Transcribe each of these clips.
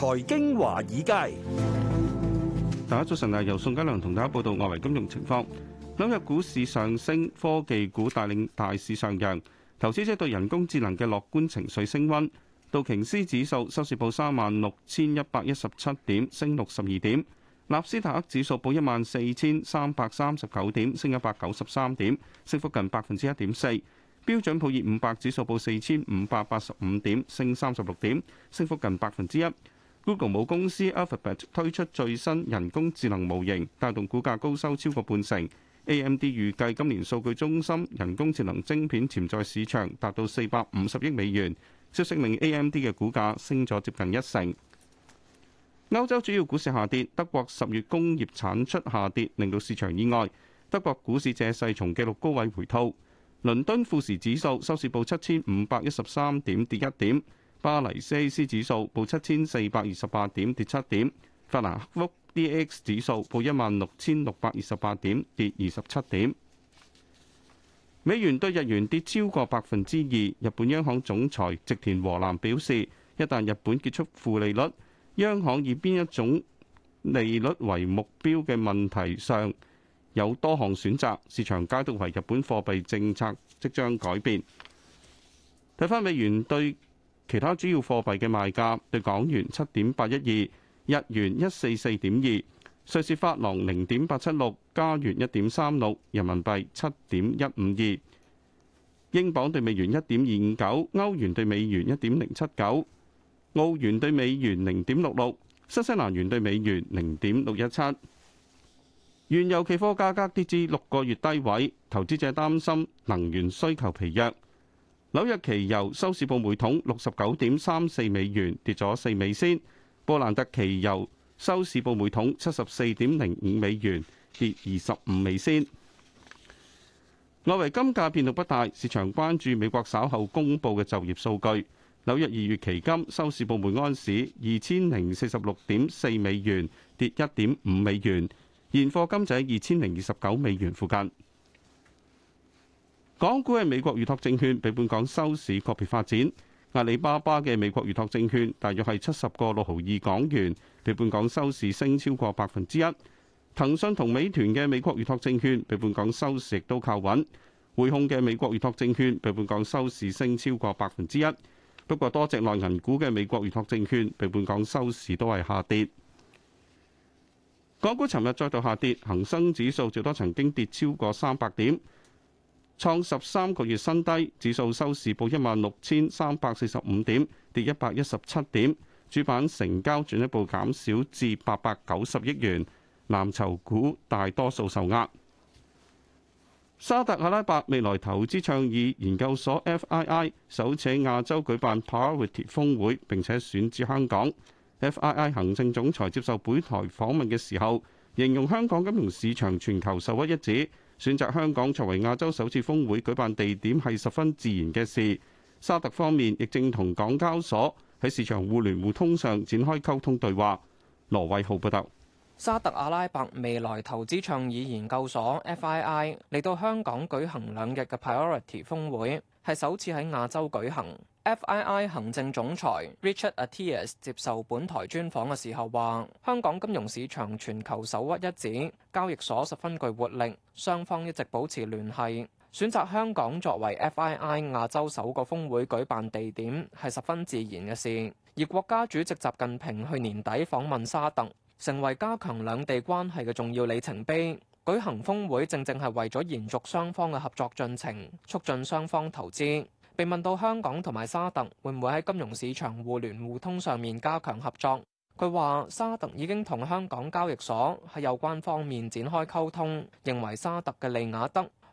財經華爾街，大家早晨啊！由宋嘉良同大家報道外圍金融情況。紐約股市上升，科技股帶領大市上揚，投資者對人工智能嘅樂觀情緒升温。道瓊斯指數收市報三萬六千一百一十七點，升六十二點；納斯達克指數報一萬四千三百三十九點，升一百九十三點，升幅近百分之一點四。標準普爾五百指數報四千五百八十五點，升三十六點，升幅近百分之一。Google 母公司 Alphabet 推出最新人工智能模型，帶動股價高收超過半成。AMD 預計今年數據中心人工智能晶片潛在市場達到四百五十億美元，消息令 AMD 嘅股價升咗接近一成。歐洲主要股市下跌，德國十月工業產出下跌，令到市場意外。德國股市借勢從紀錄高位回吐。倫敦富時指數收市報七千五百一十三點，跌一點。巴黎 CAC 指數報七千四百二十八點，跌七點。法蘭克福 DAX 指數報一萬六千六百二十八點，跌二十七點。美元對日元跌超過百分之二。日本央行總裁植田和男表示，一旦日本結束負利率，央行以邊一種利率為目標嘅問題上有多項選擇。市場解讀為日本貨幣政策即將改變。睇翻美元對。其他主要貨幣嘅賣價：對港元七點八一二，日元一四四點二，瑞士法郎零點八七六，加元一點三六，人民幣七點一五二，英鎊對美元一點二五九，歐元對美元一點零七九，澳元對美元零點六六，新西蘭元對美元零點六一七。原油期貨價格跌至六個月低位，投資者擔心能源需求疲弱。紐約期油收市報每桶六十九點三四美元，跌咗四美仙。布蘭特期油收市報每桶七十四點零五美元，跌二十五美仙。外圍金價變動不大，市場關注美國稍後公佈嘅就業數據。紐約二月期金收市報每安士二千零四十六點四美元，跌一點五美元。現貨金就喺二千零二十九美元附近。港股嘅美國預託證券，比本港收市個別發展。阿里巴巴嘅美國預託證券大約係七十個六毫二港元，比本港收市升超過百分之一。騰訊同美團嘅美國預託證券，比本港收市亦都靠穩。匯控嘅美國預託證券，比本港收市升超過百分之一。不過多隻內銀股嘅美國預託證券，比本港收市都係下跌。港股尋日再度下跌，恒生指數最多曾經跌超過三百點。創十三個月新低，指數收市報一萬六千三百四十五點，跌一百一十七點。主板成交進一步減少至八百九十億元，藍籌股大多數受壓。沙特阿拉伯未來投資倡議研究所 FII 首次亞洲舉辦 PRIORITY 峰會，並且選址香港。FII 行政總裁接受本台訪問嘅時候，形容香港金融市場全球首屈一指。選擇香港作為亞洲首次峰會舉辦地點係十分自然嘅事。沙特方面亦正同港交所喺市場互聯互通上展開溝通對話。羅偉浩報導。沙特阿拉伯未來投資倡議研究所 （FII） 嚟到香港舉行兩日嘅 Priority 峰會，係首次喺亞洲舉行。FII 行政總裁 Richard Attias 接受本台專訪嘅時候話：香港金融市場全球首屈一指，交易所十分具活力，雙方一直保持聯繫。選擇香港作為 FII 亞洲首個峰會舉辦地點係十分自然嘅事。而國家主席習近平去年底訪問沙特，成為加強兩地關係嘅重要里程碑。舉行峰會正正係為咗延續雙方嘅合作進程，促進雙方投資。被問到香港同埋沙特會唔會喺金融市場互聯互通上面加強合作，佢話沙特已經同香港交易所喺有關方面展開溝通，認為沙特嘅利雅德。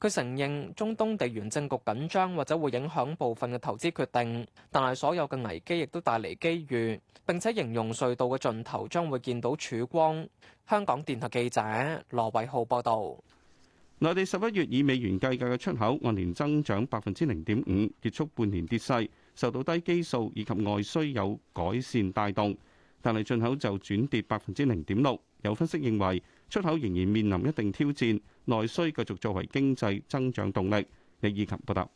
佢承認中東地緣政局緊張，或者會影響部分嘅投資決定，但係所有嘅危機亦都帶嚟機遇。並且形容隧道嘅盡頭將會見到曙光。香港電台記者羅偉浩報道：內地十一月以美元計價嘅出口按年增長百分之零點五，結束半年跌勢，受到低基數以及外需有改善帶動，但係進口就轉跌百分之零點六。有分析認為，出口仍然面臨一定挑戰，內需繼續作為經濟增長動力。李以琴報道。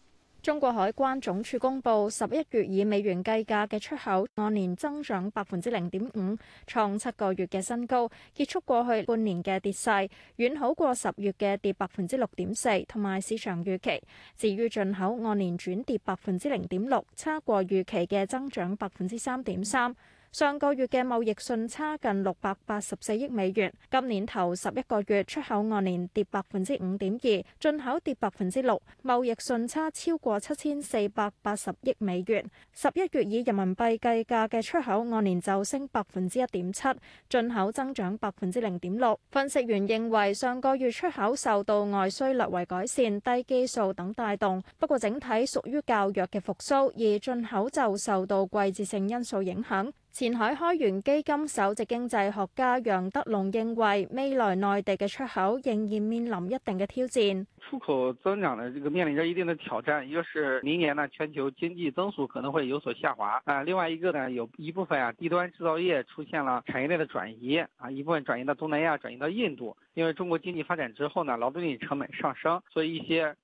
中國海關總署公布，十一月以美元計價嘅出口按年增長百分之零點五，創七個月嘅新高，結束過去半年嘅跌勢，遠好過十月嘅跌百分之六點四，同埋市場預期。至於進口按年轉跌百分之零點六，差過預期嘅增長百分之三點三。上個月嘅貿易順差近六百八十四億美元。今年頭十一個月出口按年跌百分之五點二，進口跌百分之六，貿易順差超過七千四百八十億美元。十一月以人民幣計價嘅出口按年就升百分之一點七，進口增長百分之零點六。分析員認為上個月出口受到外需略為改善、低基數等帶動，不過整體屬於較弱嘅復甦，而進口就受到季節性因素影響。前海開源基金首席經濟學家楊德龍認為，未來內地嘅出口仍然面臨一定嘅挑戰。出口增長呢，這個面臨着一定的挑戰，一個是明年呢全球經濟增速可能會有所下滑啊，另外一個呢有一部分啊低端製造業出現了產業鏈的轉移啊，一部分轉移到東南亞，轉移到印度，因為中國經濟發展之後呢，勞動力成本上升，所以一些。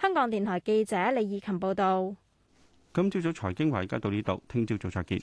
香港電台記者李以琴報道。今朝早財經華爾街到呢度，聽朝早再見。